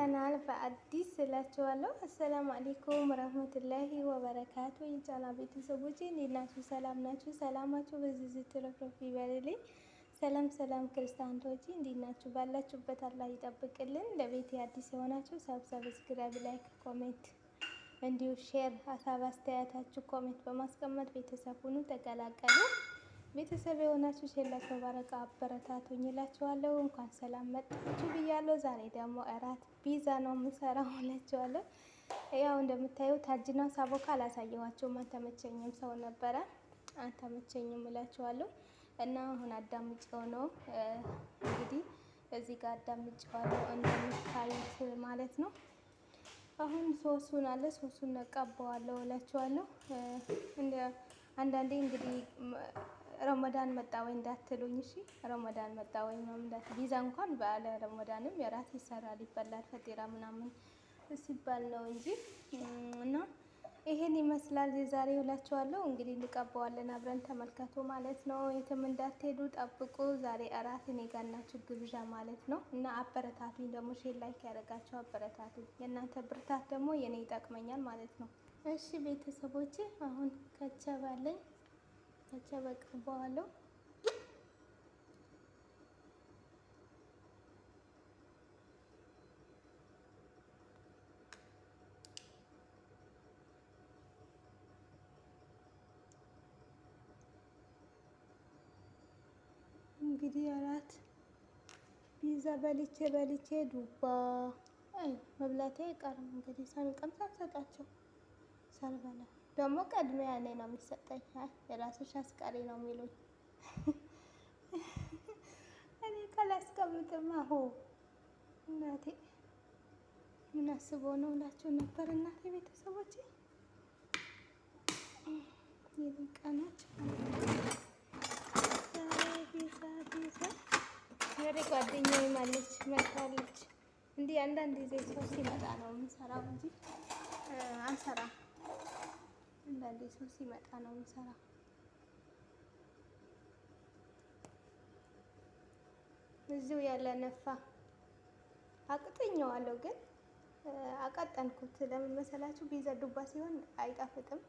መተናል በአዲስ እላችኋለሁ። አሰላሙ አሌይኩም ረህመቱላሂ ወበረካቱ። የጫና ቤተሰቦች እንዴት ናችሁ? ሰላም ናችሁ? ሰላማችሁ በዚህ ዝትረፍረፍ ይበልልኝ። ሰላም ሰላም፣ ክርስቲያኖች እንዴት ናችሁ? ባላችሁበት አላህ ይጠብቅልን። ለቤት አዲስ የሆናችሁ ሰብስክራይብ፣ ላይክ፣ ኮሜንት እንዲሁ ሼር፣ ሀሳብ አስተያየታችሁ ኮሜንት በማስቀመጥ ቤተሰብ ሁኑ ተቀላቀሉ። ቤተሰብ የሆናችሁ ሸላች ባረቃ አበረታቱኝ እላችኋለሁ። እንኳን ሰላም መጣችሁ ብያለሁ። ዛሬ ደግሞ እራት ፒዛ ነው የምሰራው እላችኋለሁ። ያው እንደምታየው ታጅና ሳቦካ አላሳየኋቸውም፣ አልተመቸኝም። ሰው ነበረ አልተመቸኝም እላችኋለሁ። እና አሁን አዳምጬው ነው እንግዲህ እዚህ ጋር አዳምጬዋለሁ እንደምታዩት ማለት ነው። አሁን ሶሱን አለ ሶሱን ነቀባዋለሁ እላችኋለሁ። አንዳንዴ እንግዲህ ረመዳን መጣ ወይ እንዳትሉኝ፣ እሺ ረመዳን መጣ ወይ ነው እንዳት እንኳን በአለ ረመዳንም የራት ይሰራል ይበላል፣ ፈጢራ ምናምን ሲባል ነው እንጂ እና ይሄን ይመስላል የዛሬ እላችኋለሁ። እንግዲህ እንቀባዋለን አብረን ተመልከቱ ማለት ነው። የትም እንዳትሄዱ ጠብቁ። ዛሬ እራት እኔ ጋር ናችሁ ግብዣ ማለት ነው እና አበረታቱ ደግሞ ሼር ላይክ ያደረጋችሁ አበረታቱ። የእናንተ ብርታት ደግሞ የእኔ ይጠቅመኛል ማለት ነው። እሺ ቤተሰቦቼ አሁን ከቻባለኝ አስከታቼ አበቅልበዋለሁ። እንግዲህ አራት ፒዛ በልቼ በልቼ ዱባ መብላቴ አይቀርም። እንግዲህ ሳልቀምስ አልሰጣቸው ሳልበላ ደግሞ ቅድሚያ እኔ ነው የሚሰጠኝ። የራስሽ አስቀሪ ነው የሚሉኝ። እኔ ካላስቀምጥም አሁ እናቴ ምን አስበው ነው እላቸው ነበር። እናቴ ቤተሰቦች የቀኖች ወደ ጓደኛ ማለች መታለች። እንዲህ አንዳንድ ጊዜ ሰው ሲመጣ ነው የምንሰራው እንጂ አንሰራም። አንዳንዴ ሰው ሲመጣ ነው የምሰራው። እዚሁ ያለ ነፋ አቅጥኛዋለሁ፣ ግን አቀጠንኩት። ለምን መሰላችሁ? ቢዛ ዱባ ሲሆን አይጣፍጥም።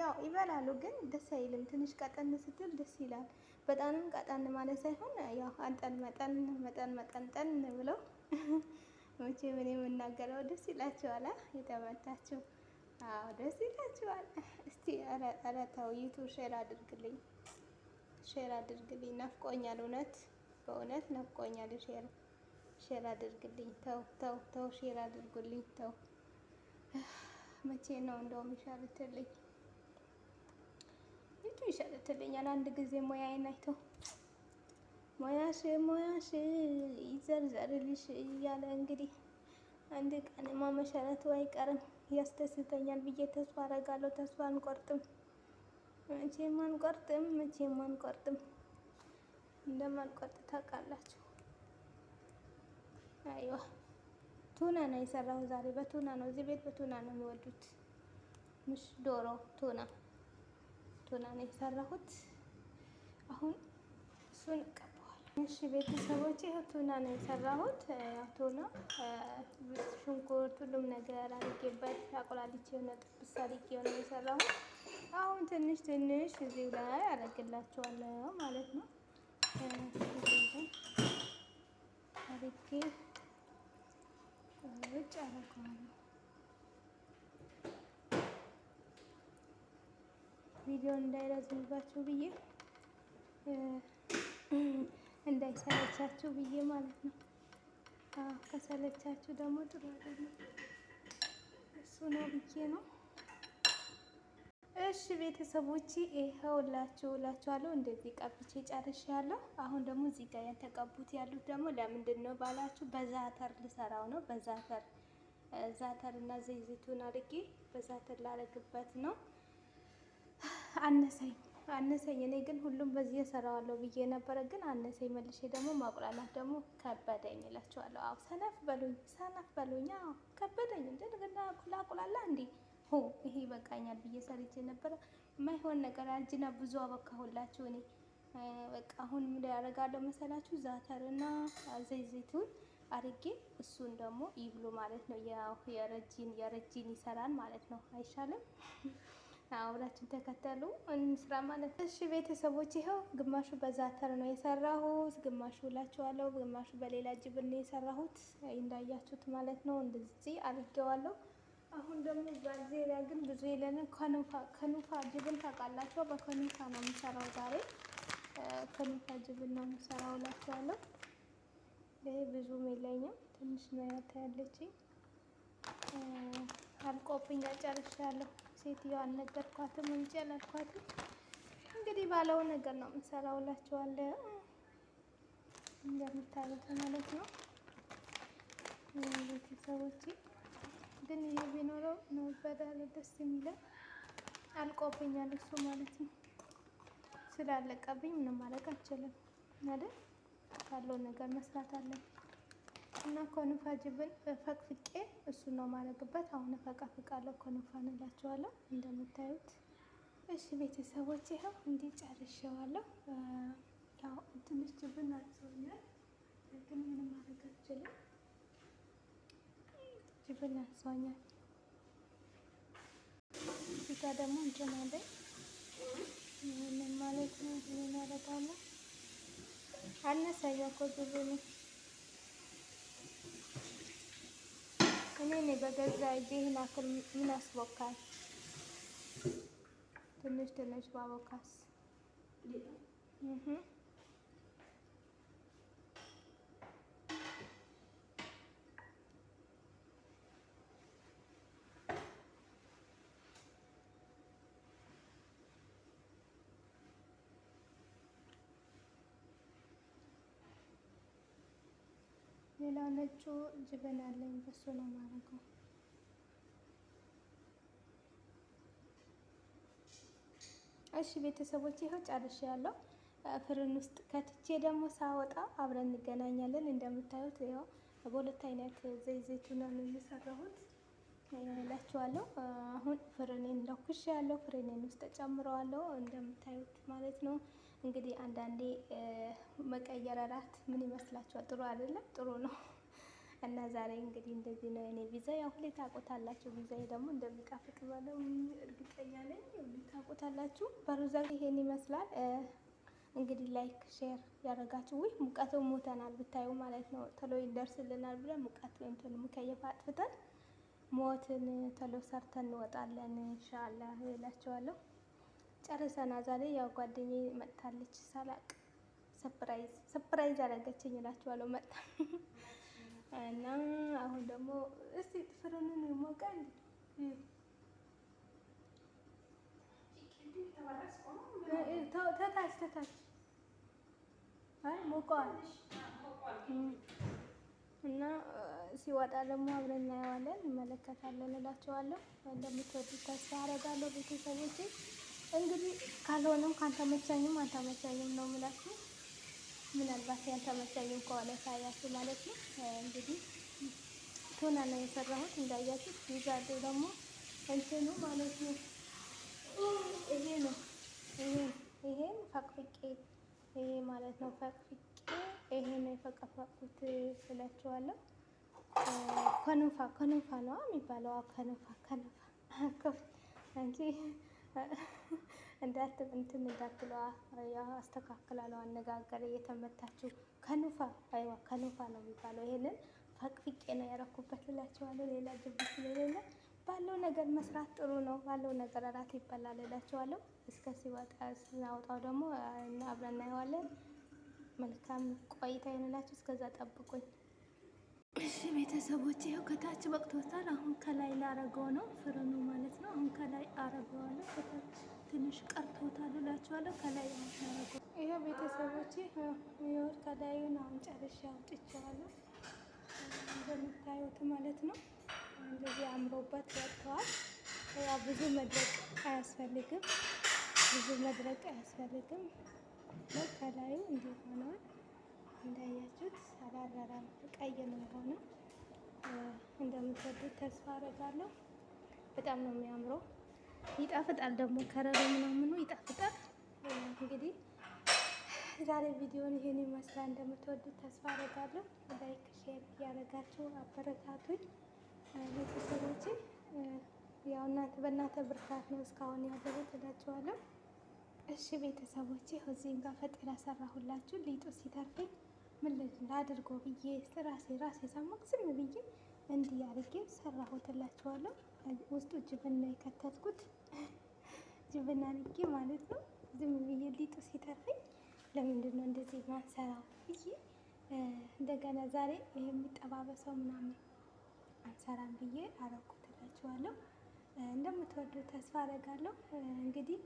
ያው ይበላሉ፣ ግን ደስ አይልም። ትንሽ ቀጠን ስትል ደስ ይላል። በጣምም ቀጠን ማለት ሳይሆን ያው አንጠን መጠን መጠን መጠንጠን ብለው መቼ ምን የምናገረው ደስ ይላችኋል የተመታችሁ አዎ ደስ ይላችኋል። እስቲ ኧረ ተው ዩቱብ ሼር አድርግልኝ፣ ሼር አድርግልኝ። ናፍቆኛል፣ እውነት በእውነት ናፍቆኛል። ሼር ሼር አድርግልኝ። ተው ተው ተው፣ ሼር አድርጉልኝ። ተው መቼ ነው እንደውም ይሻልትልኝ፣ ይቱ ይሻልትልኛል። አንድ ጊዜ ሙያዬን አይተው ሙያሽ ሙያሽ ይዘርዘርልሽ እያለ እንግዲህ አንድ ቀንማ መሸረቱ አይቀርም። ያስደስተኛል ብዬ ተስፋ አረጋለሁ። ተስፋ አንቆርጥም፣ መቼም አንቆርጥም፣ መቼም አንቆርጥም። እንደማንቆርጥ ታውቃላችሁ። አይዋ ቱና ነው የሰራሁ ዛሬ። በቱና ነው እዚህ ቤት በቱና ነው የሚወዱት። ምሽ ዶሮ ቱና ቱና ነው የሰራሁት አሁን እሱን እሺ ቤተሰቦች ይኸው ቱና ነው የሰራሁት። አቶ ቱና ሽንኩርት፣ ሁሉም ነገር አድርጌበት አቆላልቼ የሆነ ጥብስ አድርጌ ነው የሰራሁት። አሁን ትንሽ ትንሽ እዚሁ ላይ አደርግላቸዋለሁ ማለት ነው። አድርጌ ውጭ አደርገዋለሁ። ቪዲዮን እንዳይረዝምባችሁ ብዬ እንዳይሰለቻችሁ ብዬ ማለት ነው። ከሰለቻችሁ ደግሞ ጥሩ አይደለም። እሱ ነው ብዬ ነው። እሺ ቤተሰቦች ይኸውላችሁ እላችኋለሁ እንደዚህ ቀብቼ ጨርሻለሁ። አሁን ደግሞ እዚህ ጋር የተቀቡት ያሉት ደግሞ ለምንድን ነው ባላችሁ፣ በዛተር ልሰራው ነው። በዛተር ዛተር እና ዘይቱን አድርጌ በዛተር ላረግበት ነው። አነሰኝ አነሰኝ። እኔ ግን ሁሉም በዚህ እሰራዋለሁ ብዬ ነበረ፣ ግን አነሰኝ። መልሼ ደግሞ ማቁላላት ደግሞ ከበደኝ እላቸዋለሁ። አዎ ሰነፍ በሉኝ፣ ሰነፍ በሉኝ። አዎ ከበደኝ። እንደ ላቁላላ እንዴ ሆ ይሄ ይበቃኛል ብዬ ሰርቼ ነበረ። የማይሆን ነገር አልጅና ብዙ አበካሁላችሁ እኔ በቃ አሁን ምን ያደርጋለሁ መሰላችሁ? ዛተርና ዘይቱን አርጌ እሱን ደግሞ ይብሉ ማለት ነው። የረጂን የረጂን ይሰራል ማለት ነው። አይሻልም? አብራችን ተከተሉ እንስራ ማለት እሺ ቤተሰቦች ይኸው ግማሹ በዛተር ነው የሰራሁት፣ ግማሹ እላችኋለሁ፣ ግማሹ በሌላ ጅብር ነው የሰራሁት እንዳያችሁት ማለት ነው። እንደዚህ አድርጌዋለሁ። አሁን ደግሞ በዜሪያ ግን ብዙ የለንም። ከኑፋ ጅብን ታውቃላችሁ፣ በከኑፋ ነው የምሰራው ዛሬ። ከኑፋ ጅብን ነው የምሰራው ላችኋለሁ ይሄ ብዙም የለኝም፣ ትንሽ ነው ያለችኝ። አልቆብኝ ጨርሻለሁ። ሴትዮዋ አልነገርኳትም እንጂ አላልኳትም። እንግዲህ ባለው ነገር ነው የምንሰራው እላችኋለሁ። እንደምታዩት ማለት ነው ቤተሰቦች ግን ይሄ ቢኖረው ነበረ ደስ የሚለ አልቆብኛል እሱ ማለት ነው። ስላለቀብኝ ምንም ማድረግ አልችልም። ማለት ካለው ነገር መስራት አለብኝ። እና ኮንፋ ጅብን ፈቅፍቄ እሱ ነው ማድረግበት። አሁን ፈቀፍቃለሁ ኮንፋን እላቸዋለሁ እንደምታዩት። እሺ ቤተሰቦች ይኸው እንዲህ ጨርሼዋለሁ። ያው ትንሽ ጅብን አልሰውኛል፣ ግን ምንም ማድረግ አልችልም። ጅብን አልሰውኛል። እዚህ ጋ ደግሞ እንትን አለኝ ይህንን ማለት ነው። ይህንን ያደርጋለሁ አነሳያ እኮ ጅብኑ እኔ በገዛ እጄ ይህን አክል ምን ያስቦካል? ትንሽ ትንሽ ባቦካስ ሌላ ነጩ ጅብን አለኝ በሱ ነው ማድረገው። እሺ ቤተሰቦች ይኸው ጨርሼ ያለው ፍርን ውስጥ ከትቼ ደግሞ ሳወጣ አብረን እንገናኛለን። እንደምታዩት ይኸው በሁለት አይነት ዘይት ዘይቱና ነው የሰራሁት እላችኋለሁ። አሁን ፍርኔን ለኩሽ ያለው ፍሬኔን ውስጥ ጨምረዋለሁ እንደምታዩት ማለት ነው። እንግዲህ አንዳንዴ መቀየረራት ምን ይመስላችኋል? ጥሩ አይደለም? ጥሩ ነው። እና ዛሬ እንግዲህ እንደዚህ ነው የኔ ቪዛ። ያው ሁሌ ታቆታላችሁ። ቪዛዬ ደግሞ እንደሚጣፍጥ ባለው እርግጠኛ ነኝ። ታቆታላችሁ። በሩዛ ይሄን ይመስላል እንግዲህ ላይክ ሼር ያደረጋችሁ። ውይ ሙቀቱ ሞተናል ብታዩ ማለት ነው። ቶሎ ይደርስልናል ብለን ሙቀት እንትን ሙከየፍ አጥፍተን ሞትን ቶሎ ሰርተን እንወጣለን። ኢንሻአላህ እላችኋለሁ። ጨርሰና ዛሬ ያው ጓደኛዬ መጥታለች። ሳላቅ ሰፕራይዝ ሰፕራይዝ አደረገችኝ እላችኋለሁ። መጣ እና አሁን ደግሞ እስቲ ጥፍሩንን ይሞቃል ተታች ተታች ሞቀዋል እና ሲወጣ ደግሞ አብረን እናየዋለን፣ እንመለከታለን እላችኋለሁ። እንደምትወዱት ተስፋ አደርጋለሁ ቤተሰቦቼ። እንግዲህ ካልሆነም ከአንተ መቻኝም አንተ መቻኝም ነው ምላችሁ። ምናልባት መቻኝም ከሆነ ሳያችሁ ማለት ነው። እንግዲህ ቱና ነው የሰራሁት እንዳያችሁ። ይዛሉ ደግሞ እንትኑ ማለት ነው ይሄ ነው ይሄ ይሄን ፈቅፍቄ ይሄ ማለት ነው ፈቅፍቄ ይሄ ነው የፈቀፈቁት ስላችኋለሁ። ከንፋ ከንፋ ነዋ የሚባለው ከንፋ ከንፋ ከፍ እንጂ እንዳትብ እንትን እንዳትለዋ አስተካክላለሁ። አነጋገር እየተመታችሁ ከኑፋ አይዋ ከኑፋ ነው የሚባለው። ይሄንን ፈቅፍቄ ነው ያረኩበት እላቸዋለሁ። ሌላ ጅብት ስለሌለ ባለው ነገር መስራት ጥሩ ነው። ባለው ነገር እራት ይበላል እላቸዋለሁ። እስከ ሲወጣ ስናወጣው ደግሞ አብረን እናየዋለን። መልካም ቆይታ ይሁንላችሁ። እስከዛ ጠብቁኝ። እሺ ቤተሰቦች ይኸው ከታች በቅቶታል። አሁን ከላይ ላረገው ነው ፍርኑ ማለት ነው። አሁን ከላይ አረገዋለሁ። ከታች ትንሽ ቀርቶታል እላችኋለሁ። ከላይ አሁን ያረገው ይኸው ቤተሰቦች ይኸው ከላዩን አሁን ጨርሼ አውጥቼዋለሁ እንደምታዩት ማለት ነው። እንደዚህ አምሮበት ወጥተዋል። ያ ብዙ መድረቅ አያስፈልግም። ብዙ መድረቅ አያስፈልግም። ከላዩ እንዲህ ሆነዋል። እንዳያችሁት አላራራም ቀይ ነው ሆነ። እንደምትወዱት ተስፋ አደርጋለሁ። በጣም ነው የሚያምረው። ይጣፍጣል ደግሞ ከረሩ ምናምኑ ይጣፍጣል። እንግዲህ ዛሬ ቪዲዮን ይሄን ይመስላል። እንደምትወዱት ተስፋ አደርጋለሁ። ላይክ፣ ሼር እያደረጋችሁ አበረታቱኝ ቤተሰቦቼ። ያው እናንተ በእናንተ ብርታት ነው እስካሁን ያለሁት እላችኋለሁ። እሺ ቤተሰቦቼ እዚህም ጋር ፈጥና ሰራሁላችሁ ሊጡ ሲተርፈኝ ምን አድርጎ ብዬ ራሴ ራሴ ሳማቅ ዝም ብዬ እንዲህ አድርጌ ሰራሁትላችኋለሁ። ውስጡ ጅብና የከተትኩት ጅብና አድርጌ ማለት ነው። ዝም ብዬ ሊጡ ሲተርፈኝ ለምንድን ነው እንደዚህ ማንሰራው ብዬ እንደገና ዛሬ የሚጠባበሰው ምናምን አንሰራም ብዬ አረኩትላችኋለሁ። እንደምትወዱ ተስፋ አደርጋለሁ። እንግዲህ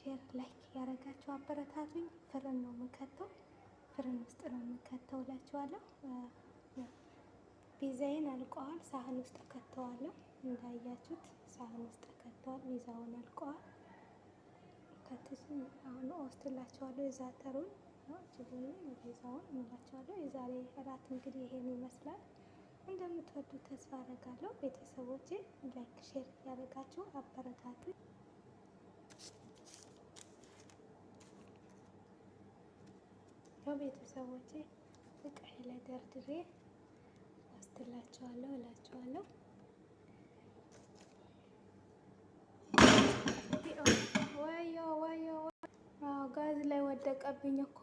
ሼር ላይክ ያደረጋችሁ አበረታቱኝ። ፍርን ነው የምንከተው ፍርን ውስጥ ነው የምከተው እላችኋለሁ። ፒዛዬን አልቀዋል። ሳህን ውስጥ ከተዋለሁ። እንዳያችሁት ሳህን ውስጥ ከተዋል። ቢዛውን አልቀዋል። ከትሱን አሁን ወስድላችኋለሁ። የዛተሩን ችግሩን ቢዛውን እንላችኋለሁ። የዛሬ እራት እንግዲህ ይሄን ይመስላል። እንደምትወዱ ተስፋ አደርጋለሁ። ቤተሰቦቼ ላይክ፣ ሼር እያደረጋችሁ አበረታቱ። ቤተሰቦቼ እቃዬ ላይ ደርድሬ ዋስትላቸዋለሁ እላቸዋለሁ። ወዮ ወዮ ጋዝ ላይ ወደቀብኝ እኮ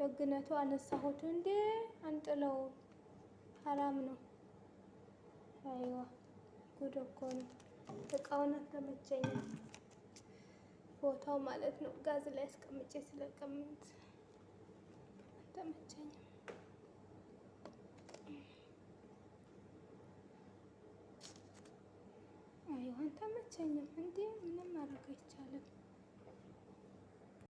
ደግነቱ አነሳሁት እንዴ አንጥለው ሀራም ነው። አይዋ ጉድ እኮ ነው። እቃውን አልተመቸኝም ቦታው ማለት ነው። ጋዝ ላይ አስቀምጬ ስለቀምጥ ተመቸኝ። አይሆን ተመቸኝም እንዴ ምንም ማድረግ አይቻልም።